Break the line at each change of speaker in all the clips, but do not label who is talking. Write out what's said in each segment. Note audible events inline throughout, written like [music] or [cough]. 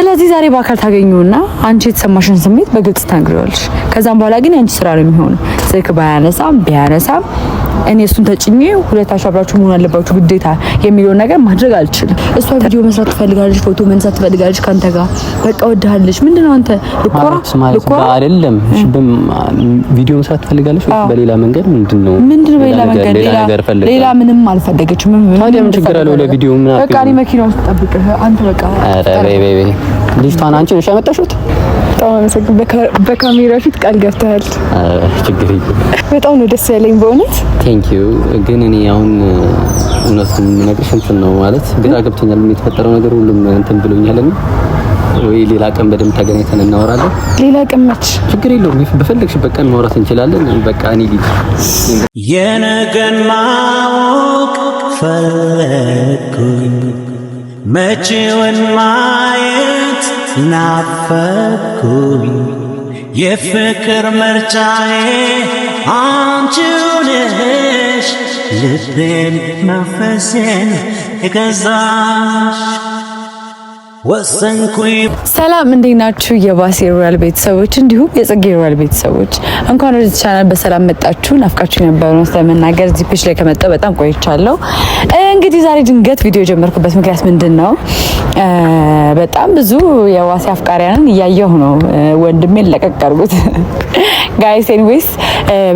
ስለዚህ ዛሬ በአካል ታገኙና አንቺ የተሰማሽን ስሜት በግልጽ ታንግሪዋለሽ። ከዛም በኋላ ግን አንቺ ስራ ነው የሚሆነው። ስልክ ባያነሳም ቢያነሳም እኔ እሱን ተጭኜ ሁለታችሁ አብራችሁ መሆን አለባችሁ ግዴታ የሚለውን ነገር ማድረግ አልችልም። እሷ ቪዲዮ መስራት ትፈልጋለች፣ ፎቶ መንሳት ትፈልጋለች ከአንተ ጋር በቃ ወድሃለች። ነው አንተ አይደለም። ቪዲዮ መስራት ትፈልጋለች በሌላ መንገድ ምንድነው ምንድነው በሌላ መንገድ ሌላ ምንም አልፈለገችም። ምን ታዲያ ምን ችግር አለው? ለቪዲዮ ምን በቃ እኔ መኪና ውስጥ ጠብቅህ አንተ በቃ ልጅቷን አንቺ ነሽ ያመጣሽው? በጣም አመሰግን። በካሜራ ፊት ቃል ገብተሃል። ችግር በጣም ነው ደስ ያለኝ በእውነት ቴንክ ዩ። ግን እኔ አሁን እውነቱን የምነግርሽ እንትን ነው ማለት ግራ ገብቶኛል። የተፈጠረው ነገር ሁሉም እንትን ብሎኛልና ወይ ሌላ ቀን በደንብ ተገናኝተን እናወራለን። ሌላ ቀን መች ችግር የለውም። በፈለግሽበት ቀን ማውራት እንችላለን። በቃ እኔ ልጅ የነገን ማወቅ ፈለግኩኝ መቼውን ማየት ናፈኩኝ። የፍቅር መርጫዬ አንቺው ነሽ፣ ልቤን መንፈሴን የገዛሽ ሰላም እንዴት ናችሁ? የባሴ ሮያል ቤተሰቦች እንዲሁም የጽጌ ሮያል ቤተሰቦች እንኳን ወደ ቻናል በሰላም መጣችሁ። ናፍቃችሁ የነበረውን ስለመናገር ዚፕሽ ላይ ከመጣሁ በጣም ቆይቻለሁ። እንግዲህ ዛሬ ድንገት ቪዲዮ የጀመርኩበት ምክንያት ምንድን ነው? በጣም ብዙ የዋሴ አፍቃሪያንን እያየሁ ነው። ወንድሜን ለቀቀርጉት ጋይስ። ኤኒዌይስ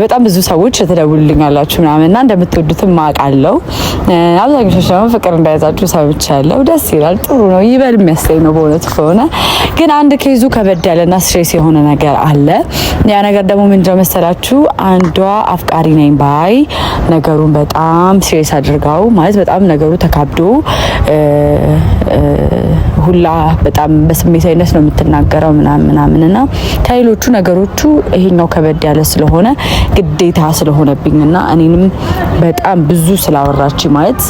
በጣም ብዙ ሰዎች ተደውሉልኛላችሁ ምናምን እና እንደምትወዱትም አውቃለሁ። አብዛኞች ደግሞ ፍቅር እንዳያዛችሁ ሰምቻለሁ። ደስ ይላል፣ ጥሩ ነው፣ ይበል የሚያስለኝ ነው በእውነቱ ከሆነ ግን አንድ ኬዙ ከበድ ያለና ስትሬስ የሆነ ነገር አለ። ያ ነገር ደግሞ ምንድነው መሰላችሁ? አንዷ አፍቃሪ ነኝ ባይ ነገሩን በጣም ስትሬስ አድርጋው ማለት በጣም በጣም ነገሩ ተካብዶ ሁላ በጣም በስሜት አይነት ነው የምትናገረው ምናምን ምናምን ከሌሎቹ ነገሮቹ ይሄኛው ከበድ ያለ ስለሆነ ግዴታ ስለሆነብኝ ና እኔንም በጣም ብዙ ስላወራች ማለት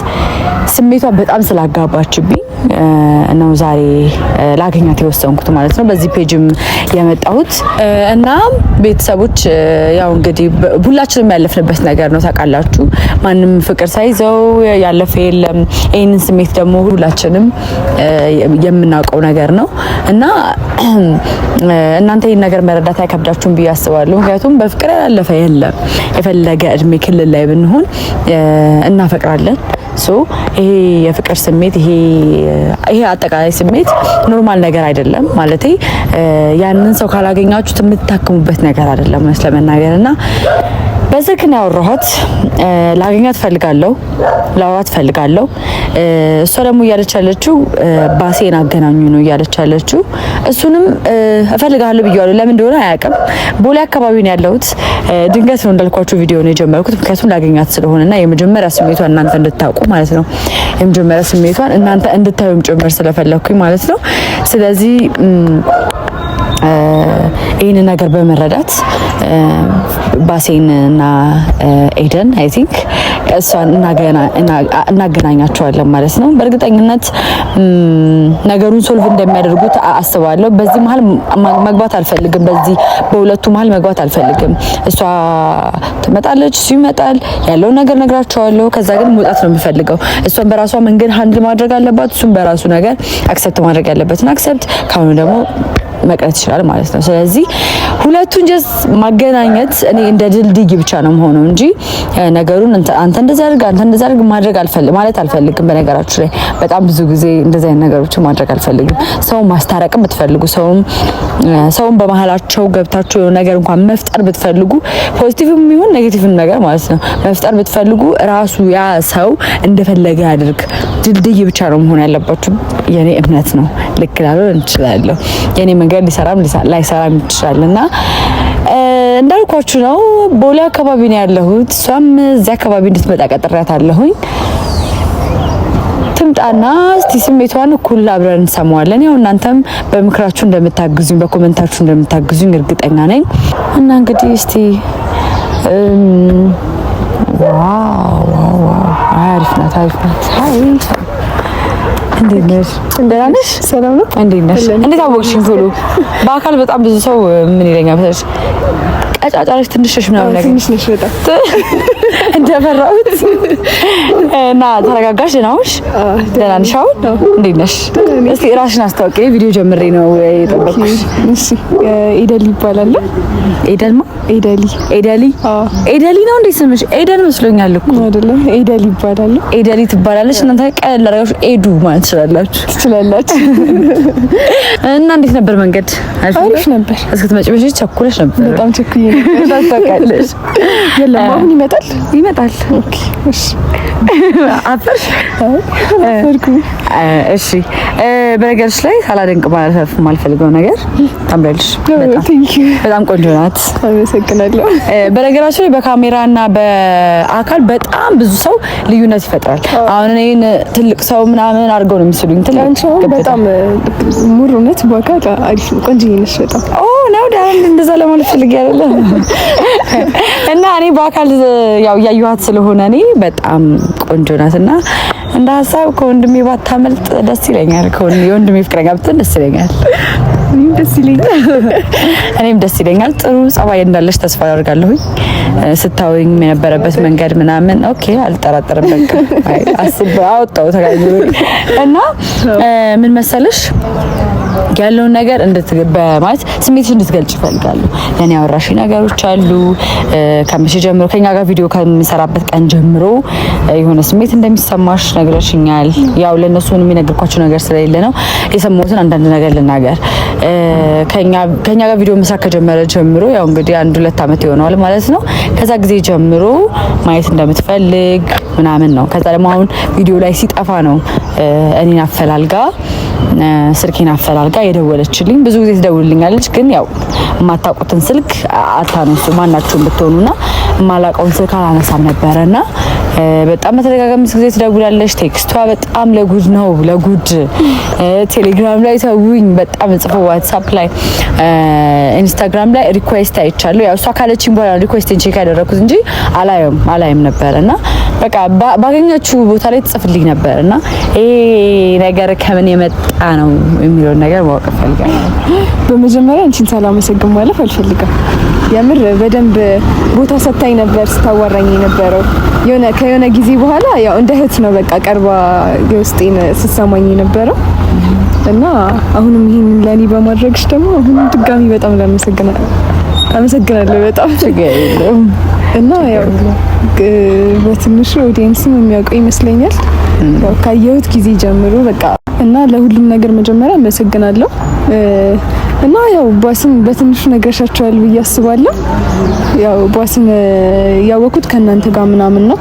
ስሜቷ በጣም ስላጋባችብኝ ነው ዛሬ ላገኛት የወሰንኩት ማለት ነው። በዚህ ፔጅም የመጣሁት እና ቤተሰቦች ያው እንግዲህ ሁላችንም ያለፍንበት ነገር ነው ታውቃላችሁ። ማንም ፍቅር ሳይዘው ያለፈ የለም። ይህንን ስሜት ደግሞ ሁላችንም የምናውቀው ነገር ነው እና [clears throat] እናንተ ይህን ነገር መረዳት አይከብዳችሁም ብዬ አስባለሁ። ምክንያቱም በፍቅር ያላለፈ የለም። የፈለገ እድሜ ክልል ላይ ብንሆን እናፈቅራለን ሶ ይሄ የፍቅር ስሜት ይሄ ይሄ አጠቃላይ ስሜት ኖርማል ነገር አይደለም። ማለቴ ያንን ሰው ካላገኛችሁት የምትታክሙበት ነገር አይደለም ለመናገር እና በስልክ ነው ያወራኋት። ላገኛት ፈልጋለሁ፣ ላወራት ፈልጋለሁ። እሷ ደግሞ እያለች ያለችው ባሴን አገናኙ ነው እያለች ያለችው። እሱንም እፈልጋለሁ ብያለሁ። ለምን እንደሆነ አያውቅም። ቦሌ አካባቢ ነው ያለሁት። ድንገት ነው እንዳልኳችሁ ቪዲዮ ነው የጀመርኩት፣ ምክንያቱም ላገኛት ስለሆነና የመጀመሪያ ስሜቷን እናንተ እንድታውቁ ማለት ነው። የመጀመሪያ ስሜቷን እናንተ እንድታዩም ጭምር ስለፈለግኩኝ ማለት ነው። ስለዚህ ይህን ነገር በመረዳት ባሴን እና ኤደን አይ ቲንክ እሷን እናገናኛቸዋለን ማለት ነው። በእርግጠኝነት ነገሩን ሶልቭ እንደሚያደርጉት አስባለሁ። በዚህ መሀል መግባት አልፈልግም። በዚህ በሁለቱ መሀል መግባት አልፈልግም። እሷ ትመጣለች፣ እሱ ይመጣል፣ ያለውን ነገር ነግራቸዋለሁ። ከዛ ግን መውጣት ነው የምፈልገው። እሷን በራሷ መንገድ ሀንድል ማድረግ አለባት፣ እሱም በራሱ ነገር አክሰፕት ማድረግ ያለበትን አክሰፕት ካሁኑ ደግሞ መቅረት ይችላል ማለት ነው። ስለዚህ ሁለቱን ጀስ ማገናኘት እኔ እንደ ድልድይ ብቻ ነው
መሆነው እንጂ ነገሩን አንተ
እንደዛ አድርግ አንተ እንደዛ አድርግ
ማድረግ አልፈልግም ማለት አልፈልግም።
በነገራችሁ ላይ በጣም ብዙ ጊዜ እንደዚህ አይነት
ነገሮች ማድረግ አልፈልግም። ሰውን
ማስታረቅም ብትፈልጉ ሰውም ሰውን በመሀላቸው
ገብታችሁ የሆነ ነገር
እንኳን መፍጠር ብትፈልጉ ፖዚቲቭም ይሁን ኔጌቲቭም ነገር ማለት ነው መፍጠር ብትፈልጉ ራሱ ያ ሰው እንደፈለገ ያድርግ። ድልድይ ብቻ ነው መሆን ያለባችሁ የኔ እምነት ነው። ልክ ላልሆን እንችላለሁ የኔ መንገድ ነገር ሊሰራም ላይሰራም ይችላል እና እንዳልኳችሁ ነው። ቦሌ አካባቢ ነው ያለሁት። እሷም እዚያ አካባቢ እንድትመጣ ቀጥሬያት አለሁኝ። ትምጣና እስቲ ስሜቷን እኩል አብረን እንሰማዋለን። ያው እናንተም በምክራችሁ እንደምታግዙኝ በኮመንታችሁ እንደምታግዙኝ እርግጠኛ ነኝ እና እንግዲህ እስቲ ዋው ዋው ዋው አሪፍ ናት፣ አሪፍ ናት። እንዴት አወቅሽኝ? ቶሎ በአካል በጣም ብዙ ሰው ምን ይለኛል መሰለሽ፣ ቀጫጫ ነሽ ትንሽ ነሽ ምናምን ነገር [laughs] እንደፈራሁት እና ተረጋጋሽ። ደህና ነሽ? ደህና ነሽ? አሁን እንዴት ነሽ? እስቲ ራስሽን አስታውቂ። ቪዲዮ ጀምሬ ነው የጠበቅኩሽ። ይባላል። ኢደል ማ? ኢደሊ። ኢደሊ? አዎ፣ ኢደሊ ነው እንዴ ስምሽ? ኢደል መስሎኛል እኮ
አይደለም። ኤደሊ ይባላል።
ኢደሊ ትባላለች። እናንተ ቀለል አድርጋችሁ ኤዱ ማለት ትችላላችሁ።
ትችላላችሁ።
እና እንዴት ነበር መንገድ? አሪፍ ነበር። እስክትመጪ በፊት ቸኩለሽ ነበር? በጣም ቸኩዬ ነበር። ታውቂያለሽ።
የለም አሁን ይመጣል ይመጣል። ኦኬ፣
እሺ። በነገርሽ ላይ ሳላደንቅ ማለፍ የማልፈልገው ነገር ታምራለሽ። በጣም ቆንጆ ናት።
አመሰግናለሁ።
በነገራችን ላይ በካሜራና በአካል በጣም ብዙ ሰው ልዩነት ይፈጥራል። አሁን እኔን ትልቅ ሰው ምናምን አድርገው ነው የሚስሉኝ።
ሙሩነት በአካል አሪፍ ቆንጆ ነሽ በጣም
ነው ዳን እንደዛ ለማለት ፈልጌ አይደለም እና እኔ በአካል ያው እያየኋት ስለሆነ እኔ በጣም ቆንጆ ናት እና እንደ ሀሳብ ከወንድሜ ባታመልጥ ደስ ይለኛል። የወንድሜ ፍቅረኛ ብትሆን ደስ ይለኛል። እኔም ደስ ይለኛል። [laughs] ጥሩ ጸባይ እንዳለች ተስፋ አደርጋለሁኝ። ስታወኝ የነበረበት መንገድ ምናምን ኦኬ፣ አልጠራጠርም። በቃ አስብ አወጣው ተጋኝ እና ምን መሰለሽ ያለውን ነገር ማለት ስሜትሽ እንድትገልጭ ይፈልጋሉ። ለእኔ ያወራሽ ነገሮች አሉ። ከምሽ ጀምሮ ከኛ ጋር ቪዲዮ ከምንሰራበት ቀን ጀምሮ የሆነ ስሜት እንደሚሰማሽ ነግረሽኛል። ያው ለእነሱ የሚነግርኳቸው ነገር ስለሌለ ነው የሰማሁትን አንዳንድ ነገር ልናገር። ከኛ ጋር ቪዲዮ መስራት ከጀመረ ጀምሮ ያው እንግዲህ አንድ ሁለት ዓመት ይሆነዋል ማለት ነው። ከዛ ጊዜ ጀምሮ ማየት እንደምትፈልግ ምናምን ነው። ከዛ ደግሞ አሁን ቪዲዮ ላይ ሲጠፋ ነው እኔን አፈላልጋ ስልኬን አፈላልጋ የደወለችልኝ። ብዙ ጊዜ ትደውልልኛለች፣ ግን ያው የማታውቁትን ስልክ አታነሱ ማናችሁም ብትሆኑና የማላውቀውን ስልክ አላነሳም ነበረና በጣም በተደጋጋሚ ጊዜ ትደውላለች። ቴክስቷ በጣም ለጉድ ነው ለጉድ። ቴሌግራም ላይ ተውኝ በጣም ጽፎ፣ ዋትሳፕ ላይ፣ ኢንስታግራም ላይ ሪኩዌስት አይቻለሁ። ያው እሷ ካለችኝ በኋላ ሪኩዌስት ቼክ ያደረኩት እንጂ አላየም አላየም ነበር እና በቃ ባገኘችው ቦታ ላይ ትጽፍልኝ ነበር እና ይሄ ነገር ከምን የመጣ ነው የሚለውን ነገር ማወቅ እፈልጋለሁ።
በመጀመሪያ አንቺን ሳላመሰግን ማለፍ አልፈልግም። የምር በደንብ ቦታ ሰታኝ ነበር ስታዋራኝ የነበረው የሆነ ከሆነ ጊዜ በኋላ ያው እንደ እህት ነው በቃ ቀርባ የውስጤን ስሰማኝ የነበረው እና አሁንም ይሄን ለኔ በማድረግሽ ደግሞ አሁንም ድጋሚ በጣም ላመሰግናለሁ አመሰግናለሁ በጣም እና ያው በትንሹ ኦዲየንስም የሚያውቀው ይመስለኛል ያው ካየሁት ጊዜ ጀምሮ በቃ እና ለሁሉም ነገር መጀመሪያ አመሰግናለሁ። እና ያው ባስን በትንሹ ነግረሻቸዋል ብዬ አስባለሁ። ያው ባስን ያወኩት ከእናንተ ጋር ምናምን ነው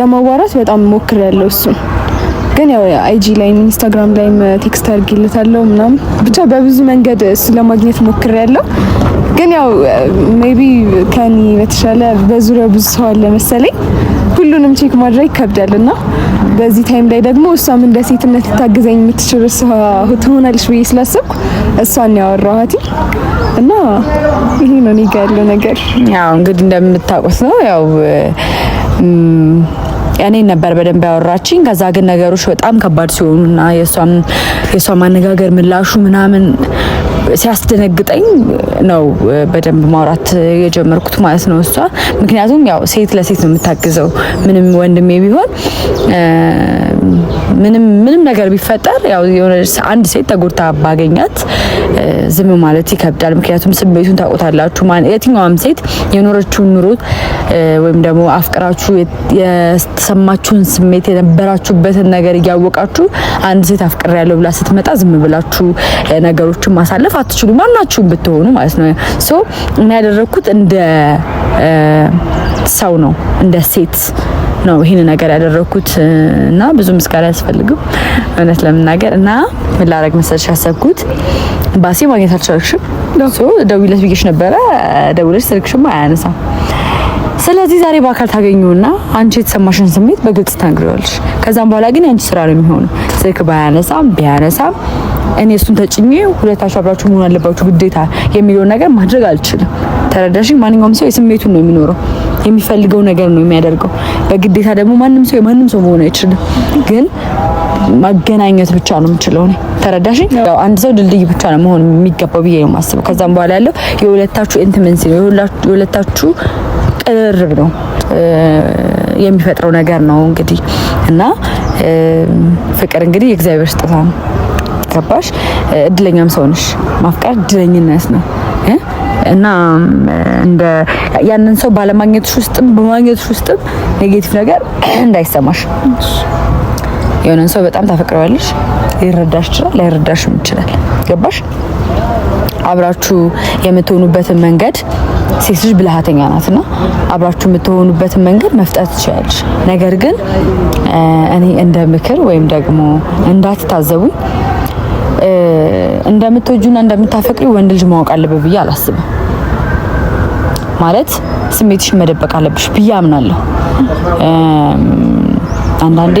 ለማዋራት በጣም ሞክር ያለው እሱን ግን ያው አይጂ ላይም ኢንስታግራም ላይም ቴክስት አድርጌለታለሁ ምናምን ብቻ በብዙ መንገድ እሱ ለማግኘት ሞክር ያለው ግን ያው ሜቢ ከኔ በተሻለ በዙሪያው ብዙ ሰው አለ መሰለኝ ሁሉንም ቼክ ማድረግ ይከብዳልና በዚህ ታይም ላይ ደግሞ እሷም እንደ ሴትነት ልታግዘኝ የምትችል እሷ ትሆናለች ብዬ ስላሰብኩ እሷን ያወራኋት እና ይሄ ነው እኔ ያለው ነገር።
ያው እንግዲህ እንደምታውቁት ነው ያው እኔን ነበር በደንብ ያወራችኝ። ከዛ ግን ነገሮች በጣም ከባድ ሲሆኑና የእሷ ማነጋገር ምላሹ ምናምን ሲያስደነግጠኝ ነው በደንብ ማውራት የጀመርኩት ማለት ነው እሷ ምክንያቱም ያው ሴት ለሴት ነው የምታግዘው ምንም ወንድሜ ቢሆን ምንም ምንም ነገር ቢፈጠር ያው አንድ ሴት ተጎድታ ባገኛት ዝም ማለት ይከብዳል። ምክንያቱም ስሜቱን ታውቁታላችሁ። የትኛዋም ሴት የኖረችውን ኑሮ ወይም ደግሞ አፍቅራችሁ የተሰማችሁን ስሜት የነበራችሁበትን ነገር እያወቃችሁ አንድ ሴት አፍቅር ያለው ብላ ስትመጣ ዝም ብላችሁ ነገሮችን ማሳለፍ አትችሉ፣ ማናችሁም ብትሆኑ ማለት ነው። ሶ እና ያደረግኩት እንደ ሰው ነው እንደ ሴት ነው ይህን ነገር ያደረግኩት እና ብዙ ምስጋና አያስፈልግም እውነት ለመናገር እና ምን ላረግ መሰለሽ ያሰብኩት ባሴ ማግኘት አልቻልሽም። ደውይለት ብዬሽ ነበረ። ደውለሽ ስልክሽም አያነሳም። ስለዚህ ዛሬ በአካል ታገኙና አንቺ የተሰማሽን ስሜት በግልጽ ታንግሪዋለሽ። ከዛም በኋላ ግን የአንቺ ስራ ነው የሚሆኑ። ስልክ ባያነሳም ቢያነሳም እኔ እሱን ተጭኜ ሁለታችሁ አብራችሁ መሆን አለባችሁ ግዴታ የሚለውን ነገር ማድረግ አልችልም። ተረዳሽኝ? ማንኛውም ሰው የስሜቱን ነው የሚኖረው። የሚፈልገው ነገር ነው የሚያደርገው። በግዴታ ደግሞ ማንም ሰው ማንም ሰው መሆን አይችልም፣ ግን ማገናኘት ብቻ ነው የምችለው እኔ። ተረዳሽኝ? ያው አንድ ሰው ድልድይ ብቻ ነው መሆን የሚገባው ብዬ ነው የማስበው። ከዛም በኋላ ያለው የሁለታችሁ ኢንቲመንሲ ነው፣ የሁለታችሁ ቅርርብ ነው የሚፈጥረው ነገር ነው እንግዲህ እና ፍቅር እንግዲህ የእግዚአብሔር ስጦታ ነው። ገባሽ? እድለኛም ሰው ነሽ። ማፍቀር እድለኝነት ነው። እና እንደ ያንን ሰው ባለማግኘትሽ ውስጥም በማግኘትሽ ውስጥም ኔጌቲቭ ነገር እንዳይሰማሽ። የሆነን ሰው በጣም ታፈቅረዋለሽ። ሊረዳሽ ይችላል፣ ላይረዳሽም ይችላል። ገባሽ? አብራችሁ የምትሆኑበትን መንገድ ሴት ልጅ ብልሃተኛ ናትና አብራችሁ የምትሆኑበትን መንገድ መፍጠት ትችላለች። ነገር ግን እኔ እንደ ምክር ወይም ደግሞ እንዳትታዘቡኝ እንደምትወጁና እንደምታፈቅሪ ወንድ ልጅ ማወቅ አለበት ብዬ አላስብም። ማለት ስሜትሽ መደበቅ አለብሽ ብዬ አምናለሁ። አንዳንዴ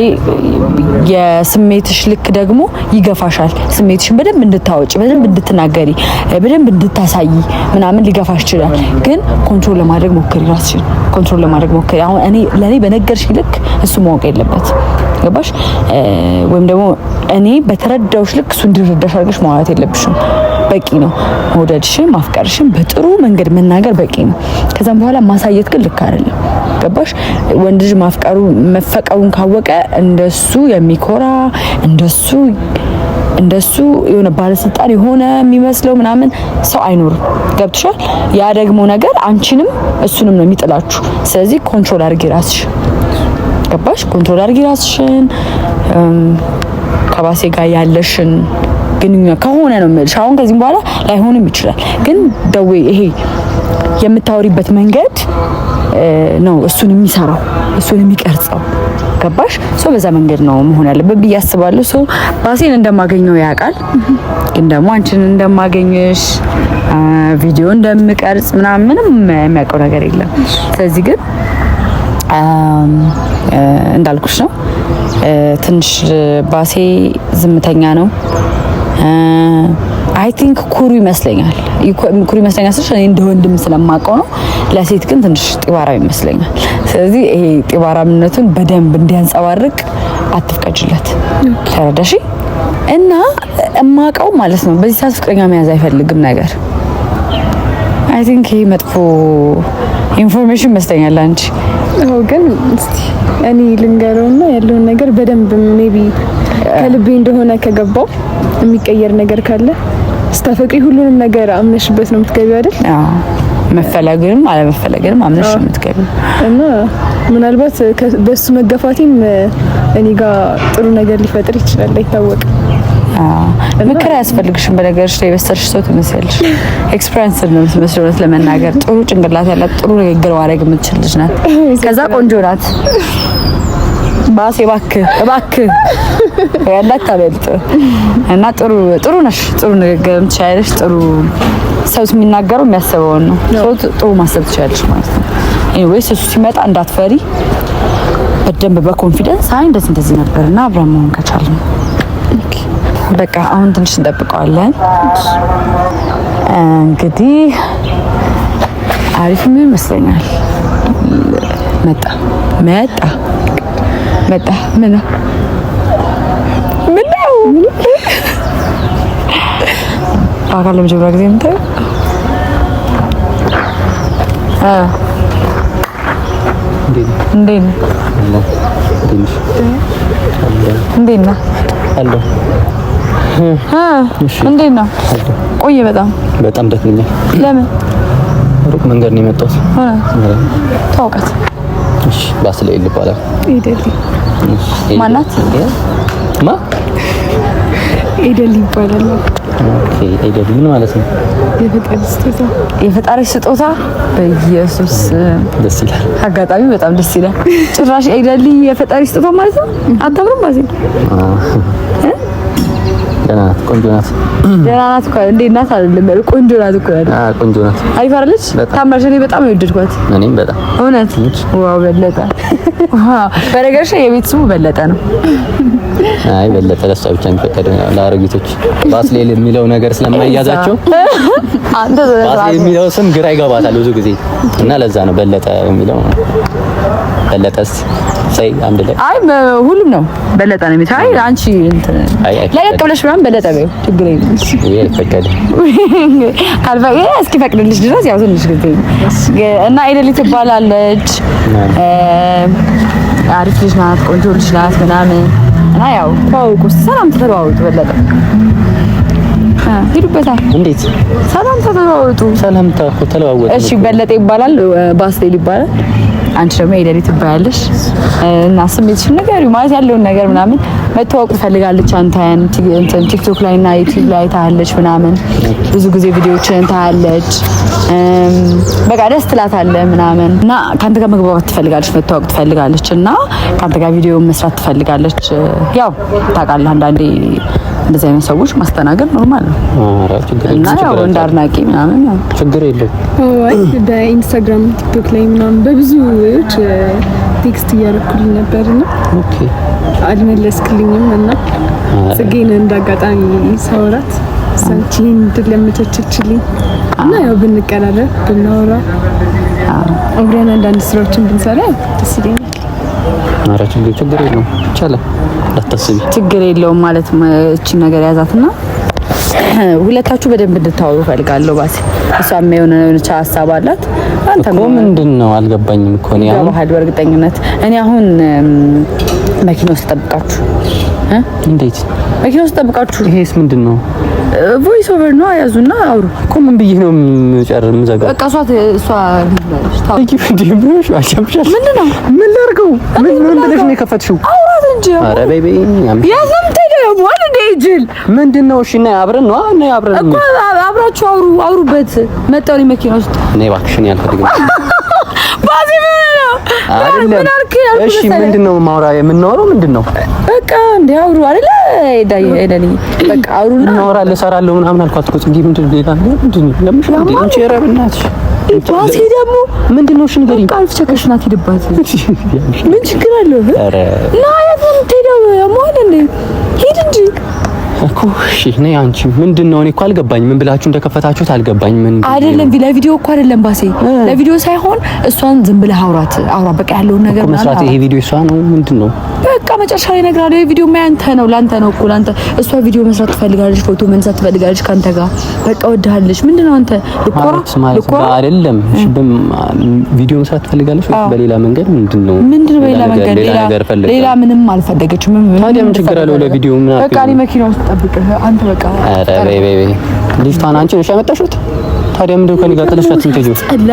የስሜትሽ ልክ ደግሞ ይገፋሻል። ስሜትሽን በደንብ እንድታወጭ በደንብ እንድትናገሪ፣ በደንብ እንድታሳይ ምናምን ሊገፋሽ ይችላል። ግን ኮንትሮል ለማድረግ ሞክሪ፣ ራስሽን ኮንትሮል ለማድረግ ሞክሪ። አሁን እኔ ለእኔ በነገርሽ ልክ እሱ ማወቅ የለበት ገባሽ? ወይም ደግሞ እኔ በተረዳውሽ ልክ እሱ እንዲረዳሽ አድርገሽ ማውራት የለብሽም። በቂ ነው። መውደድሽን ማፍቀርሽን በጥሩ መንገድ መናገር በቂ ነው። ከዛም በኋላ ማሳየት ግን ልክ አይደለም። ገባሽ? ወንድ ልጅ ማፍቀሩ መፈቀሩን ካወቀ እንደሱ የሚኮራ እንደሱ እንደሱ የሆነ ባለስልጣን የሆነ የሚመስለው ምናምን ሰው አይኖርም። ገብትሻል? ያ ደግሞ ነገር አንቺንም እሱንም ነው የሚጥላችሁ። ስለዚህ ኮንትሮል አድርጊ ራስሽ ገባሽ? ኮንትሮል አድርጊ ራስሽን። ከባሴ ጋር ያለሽን ግንኙነት ከሆነ ነው የምልሽ። አሁን ከዚህም በኋላ ላይሆንም ይችላል፣ ግን ደዌ ይሄ የምታወሪበት መንገድ ነው እሱን የሚሰራው እሱን የሚቀርጸው ገባሽ? ሰው በዛ መንገድ ነው መሆን ያለበት ብዬ አስባለሁ። ሰው ባሴን እንደማገኘው ያውቃል፣ ግን ደግሞ አንቺን እንደማገኝሽ ቪዲዮ እንደምቀርጽ ምናምን ምንም የሚያውቀው ነገር የለም። ስለዚህ ግን እንዳልኩሽ ነው ትንሽ ባሴ ዝምተኛ ነው። አይ ቲንክ ኩሩ ይመስለኛል። ኩሩ ይመስለኛል ስልሽ እኔ እንደ ወንድም ስለማውቀው ነው። ለሴት ግን ትንሽ ጢባራም ይመስለኛል። ስለዚህ ይሄ ጢባራምነቱን በደንብ እንዲያንጸባርቅ አትፍቀጅለት። ተረዳሽ? እና እማውቀው ማለት ነው በዚህ ሰዓት ፍቅረኛ መያዝ አይፈልግም ነገር አይ ቲንክ ይሄ መጥፎ ኢንፎርሜሽን ይመስለኛል አንቺ
ነው። ግን እስቲ እኔ ልንገረውና ያለውን ነገር በደንብ ሜቢ ከልቤ እንደሆነ ከገባው የሚቀየር ነገር ካለ ስታፈቅሪ ሁሉንም ነገር አምነሽበት ነው የምትገቢው አይደል?
አዎ መፈለግንም አለመፈለግንም አምነሽ የምትገቢው።
እና ምናልባት በሱ መገፋቴም እኔ ጋር ጥሩ ነገር ሊፈጥር ይችላል አይታወቅም።
ምክር አያስፈልግሽም። በነገርሽ ላይ የበሰልሽ ሰው ትመስያለሽ። ኤክስፐሪንስ ነው የምትመስለው። እውነት ለመናገር ጥሩ ጭንቅላት ያላት ጥሩ ንግግር ማድረግ የምትችል ልጅ ናት። ከዛ ቆንጆ ናት። ባሴ እባክህ እባክህ እንዳታበልጥ እና ጥሩ ጥሩ ነሽ። ጥሩ ንግግር የምትችያለሽ። ጥሩ ሰው የሚናገረው የሚያስበውን ነው። ሰው ጥሩ ማሰብ ትችያለሽ ማለት ነው። ኤኒዌይስ እሱ ሲመጣ እንዳትፈሪ በደንብ በኮንፊደንስ አይ እንደዚህ እንደዚህ ነበርና አብረን መሆን ከቻልን ኦኬ በቃ አሁን ትንሽ እንጠብቀዋለን። እንግዲህ አሪፍ ምን ይመስለኛል። መጣ መጣ መጣ። ምን ነው ምን
ነው በአካል ለመጀመሪያ ጊዜ የምታየው
እንዴት ነህ?
እንዴት ነው? ቆየ በጣም
በጣም ደክሞኛል። ለምን? ሩቅ መንገድ ነው የመጣሁት። ታውቃት? እሺ ባስለ ኤል ይባላል።
ኤደሊ
ማናት?
ማ
ኤደሊ ይባላል።
ኦኬ ኤደሊ ምን ማለት ነው?
የፈጣሪ ስጦታ
የፈጣሪ ስጦታ። በኢየሱስ ደስ ይላል። አጋጣሚ በጣም ደስ ይላል። ጭራሽ ኤደሊ የፈጣሪ ስጦታ ማለት ነው። አታምሩም ባዜ
ደህና ናት። ቆንጆ ናት።
ደህና ናት እኮ እንዴት ናት? አይደለም ያለው ቆንጆ ናት እኮ ያለው። አዎ ቆንጆ ናት። አሪፍ አይደለች? ታምራሽ። እኔ በጣም የወደድኳት። እኔም በጣም እውነት። ዋው በለጠ። በነገርሽ የቤት ስሙ በለጠ ነው።
አይ በለጠ ለእሷ ብቻ የሚፈቀድ ለአሮጊቶች ባስሌል የሚለው ነገር ስለማያዛቸው
ባስሌል
የሚለው ስም ግራ ይገባታል ብዙ ጊዜ እና ለዛ ነው በለጠ የሚለው በለጠስ ሳይ አንድ ላይ
አይ ሁሉም ነው። በለጠ ነው የሚታይ። አይ አንቺ ለለጥ ብለሽ ምናምን በለጠ በይው ችግር የለም። እስኪፈቅድልሽ ድረስ ያው ትንሽ ጊዜ እና አይደል ትባላለች። አሪፍ ልጅ ናት፣ ቆንጆ ልጅ ናት ምናምን እና ያው ተዋውቁ፣ ሰላም ተተዋውቁ። በለጠ ሂዱበታል እንዴት
ሰላም ተተዋውቁ።
ሰላም ተተዋውቁ።
እሺ በለጠ ይባላል፣ ባስቴል ይባላል አንቺ ደግሞ ሄደሪ ትባያለሽ እና ስሜትሽን ንገሪው ማለት ያለውን ነገር ምናምን መታወቅ ትፈልጋለች። አንተን ቲክቶክ ላይ እና ዩቲዩብ ላይ ታያለች ምናምን ብዙ ጊዜ ቪዲዮችን ታያለች። በቃ ደስ ትላታለህ ምናምን እና ከአንተ ጋር መግባባት ትፈልጋለች፣ መተዋወቅ ትፈልጋለች እና ከአንተ ጋር ቪዲዮ መስራት ትፈልጋለች። ያው ታውቃለህ አንዳንዴ እንደዚህ አይነት ሰዎች ማስተናገድ ኖርማል ነው እና ያው እንደ አድናቂ ምናምን
ችግር የለም።
በኢንስታግራም ቲክቶክ ላይ ምናምን በብዙ በብዙዎች ቴክስት እያደረኩልኝ ነበርና አልመለስክልኝም እና ጽጌን እንዳጋጣሚ ሳወራት ሰንቺን እንድለምተችችልኝ እና ያው ብንቀራረብ ብናወራ አብረን አንዳንድ ስራዎችን ብንሰራ ደስ ይለኛል።
ኧረ ችግር የለውም ይቻላል። አታስቢ፣
ችግር የለውም ማለት እቺን ነገር ያዛትና ሁለታችሁ በደንብ እንድታወሩ ፈልጋለሁ። ባሴ እሷም የሆነ ብቻ ሀሳብ አላት። አንተ
እኮ ምንድን ነው አልገባኝም እኮ ነው ያው
ባህል በእርግጠኝነት እኔ አሁን መኪና ውስጥ ጠብቃችሁ
እ እንዴት
መኪና ውስጥ ጠብቃችሁ
ይሄስ ምንድን ነው?
ቮይስ ኦቨር ነው። ያዙና አውሩ
እኮ ምን ብዬ ነው የምጨርም የምዘጋው?
በቃ እሷ እሷ
ታውቂ ምን ነው ምን ላድርገው? ምን ምን ብለሽ ነው የከፈትሽው? ያዝ እንጂ። ኧረ ቤቢ ያዝ ምንድን ነው? እሺ እና አብረን ነው እና አብረን እኮ
አብራችሁ አውሩ አውሩበት። መጣሪ መኪና ውስጥ
እኔ እባክሽን ያልፈልግም።
[laughs] ባዚ
እሺ ምንድን ነው ማውራ የምናወራው ምንድን ነው?
በቃ እንደ አውሩ አይደለ? ዳይ አይደለ?
በቃ አውሩ እናወራለን፣ እሰራለሁ ምናምን አልኳት እኮ ጽጌ። ምንድን ነው ሌላ ምንድን ነው? ለምን አንቺ ኧረ በእናትሽ
ጨዋታ ደግሞ ምንድን ነው? እሺ ንገሪኝ።
ቃል ናት ትሄድባት
ምን ችግር አለው? ና የትም ትሄዳው ያሟል እንዴ? ሂድ እንጂ
እኮ እሺ፣ እኔ አንቺ ምንድን ነው እኔ እኮ አልገባኝ። ምን ብላችሁ እንደከፈታችሁት አልገባኝ። ምን
አይደለም ለቪዲዮ እኮ አይደለም ባሴ፣ ለቪዲዮ ሳይሆን እሷን ዝም ብለህ አውራት አውራ በቃ ያለውን ነገር ማለት
ነው። መስራት ይሄ ቪዲዮ እሷ ነው ምንድን ነው
በቃ መጨረሻ ላይ ነግራለ። ይሄ ቪዲዮ ያንተ ነው ላንተ ነው እኮ ላንተ። እሷ ቪዲዮ መስራት ትፈልጋለች፣ ፎቶ መንሳት ትፈልጋለች ካንተ ጋር በቃ ወድሃለች። ምንድን ነው አንተ ልቆራ
ልቆራ አይደለም። እሺ፣ በቪዲዮ መስራት ትፈልጋለች በሌላ መንገድ ምንድን ነው
ምንድን ነው በሌላ መንገድ ሌላ ምንም አልፈለገችም። ምን
ታዲያ ምን ችግር አለው ለቪዲዮ ምን
አለ በቃ እኔ መኪና ጠብቅህ አንተ በቃ
ኧረ በይ በይ በይ ልጅቷን አንቺ ነሽ ያመጣሽው ታዲያ ምንድን ነው ከእኔ ጋር ጥለሻት እንትጁ
ጸላ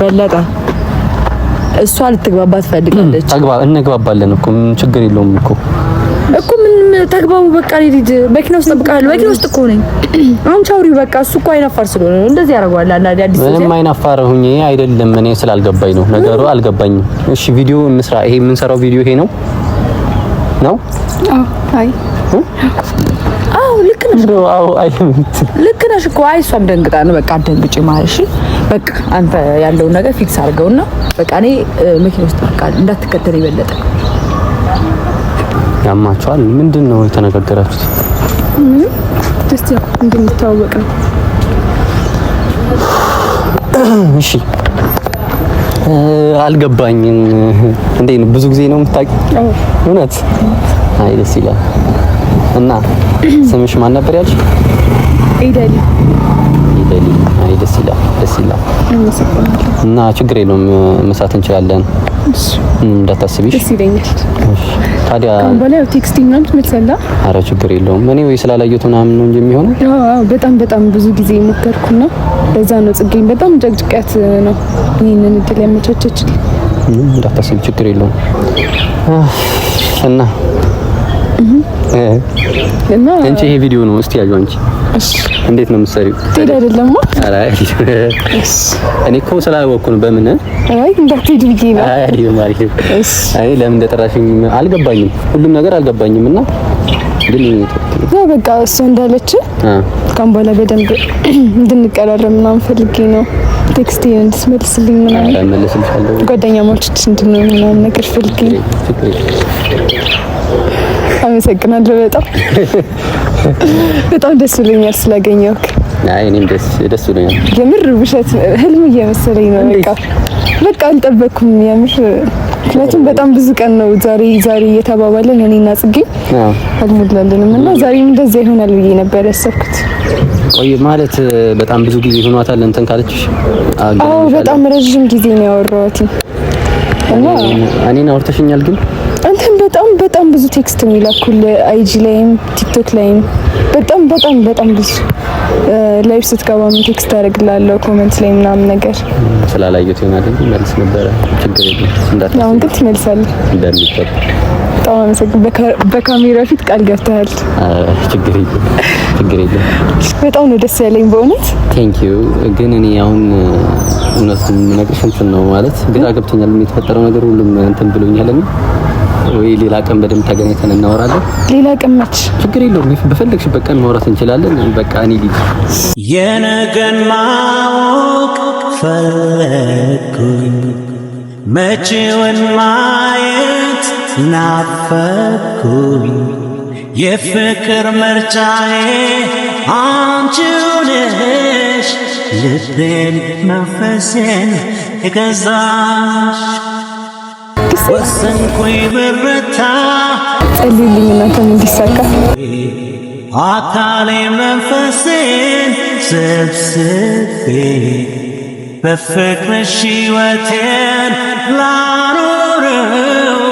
በለጠ እሷ ልትግባባት ፈልጋለች።
እንግባባለን እኮ ምን ችግር የለውም እኮ
እኮ ምንም ተግባቡ። በቃ ልሂድ፣ መኪና ውስጥ እጠብቅሃለሁ። መኪና ውስጥ እኮ ነኝ። አሁን ቻውሪው በቃ እሱ እኮ አይናፋር ስለሆነ ነው እንደዚህ ያደርገዋል። አንዳንዴ አዲስ
ምንም አይናፋር ሁኝ አይደለም። እኔ ስላልገባኝ ነው ነገሩ፣ አልገባኝም። እሺ ቪዲዮ እንስራ። ይሄ የምንሰራው ቪዲዮ ይሄ ነው ነው።
አይ አዎ ልክ ነሽ። አዎ አይ ልክ ነሽ እኮ አይ እሷም ደንግጣ ነው። በቃ አትደንግጪ ማለት እሺ። በቃ አንተ ያለውን ነገር ፊክስ አድርገውና በቃ እኔ መኪና ውስጥ በቃ እንዳትከተል ይበለጠ
ያማቸዋል። ምንድን ነው የተነጋገራችሁት?
እስቲ እንደሚታወቅ ነው።
እሺ አልገባኝም። እንዴ ብዙ ጊዜ ነው የምታውቂው? እውነት አይ ደስ ይላል። እና ስምሽ ማን ነበር ያልሽ? ኢደሊ ኢደሊ። አይ ደስ ይላል፣ ደስ ይላል። እና ችግር የለውም መሳት እንችላለን፣ እንዳታስቢሽ። ደስ ይለኛል። ታዲያ
በላይ ቴክስቲንግ ምናምን ትመልሳላ?
አረ ችግር የለውም እኔ ወይ ስላላየሁት ምናምን ነው እንጂ የሚሆነው።
አዎ በጣም በጣም ብዙ ጊዜ ሞከርኩና በዛ ነው ጽጌኝ በጣም ጨቅጭቃት ነው ይህንን እድል ያመቻቸችልኝ።
እንዳታስቢ፣ ችግር የለውም እና እና አንቺ ይሄ ቪዲዮ ነው። እስቲ ያዩ አንቺ እንዴት ነው የምትሰሪው? ትሄድ አይደለም። እኔ እኮ ስላወቅኩ ነው። በምን
አይ እንዳትሄድ ብዬሽ ነው።
አይ አይ ለምን እንደጠራሽኝ አልገባኝም። ሁሉም ነገር አልገባኝም እና ግን
ያው በቃ እሷ እንዳለች ካም በኋላ በደንብ እንድንቀራረብ ምናምን ፈልጌ ነው። ቴክስት እንድትመልስልኝ ምናምን ጓደኛሞች እንድንሆን ምናምን ነገር ፈልጌ አመሰግናለሁ። በጣም [laughs] በጣም ደስ ብሎኛል ስላገኘሁህ።
አይ እኔም ደስ ደስ ብሎኛል።
የምር ውሸት ህልም እየመሰለኝ ነው። በቃ በቃ አልጠበኩም። የምር ምክንያቱም በጣም ብዙ ቀን ነው ዛሬ ዛሬ እየተባባለን እኔና ጽጌ አልሞላለንም እና ዛሬም እንደዛ ይሆናል ብዬ ነበር ያሰብኩት።
ቆይ ማለት በጣም ብዙ ጊዜ ሆኗታል እንትን ካለች?
አዎ በጣም ረዥም ጊዜ ነው ያወራኋት
እኔን አውርተሽኛል ግን
በጣም በጣም ብዙ ቴክስት ነው ይላኩል። አይጂ ላይም ቲክቶክ ላይም በጣም በጣም በጣም ብዙ ላይፍ ስትገባም ቴክስት አደርግላለሁ ኮመንት ላይ ምናምን ነገር
ስላላየሁት ይሆናል እንጂ መልስ ነበረ። ችግር የለም እንዳትመልስ።
አሁን ግን ትመልሳለህ እንደሚገባ በጣም አመሰግናለሁ። በካሜራ ፊት ቃል ገብተሃል።
ችግር የለም ችግር የለም።
በጣም ነው ደስ ያለኝ በእውነት
ቴንክ ዩ። ግን እኔ አሁን እውነቱን የምነግርሽ እንትን ነው ማለት ግራ ገብቶኛል። የተፈጠረው ነገር ሁሉም እንትን ብሎኛል እኔ ወይ ሌላ ቀን በደንብ ተገናኝተን እናወራለን።
ሌላ ቀን መች
ችግር የለውም። በፈለግሽበት ቀን ማውራት እንችላለን። በቃ እኔ ልጅ የነገን ማወቅ ፈለግኩኝ፣ መቼውን ማየት ናፈኩኝ። የፍቅር ምርጫዬ አንቺው ነሽ፣ ልቤን መንፈሴን የገዛሽ ወሰንኩኝ ብርታ ጸልዩልኝ እናንተም እንዲሳካ አካሌ መንፈሴን ሰብስቤ በፍቅርሽ ሕይወቴን ላኖረው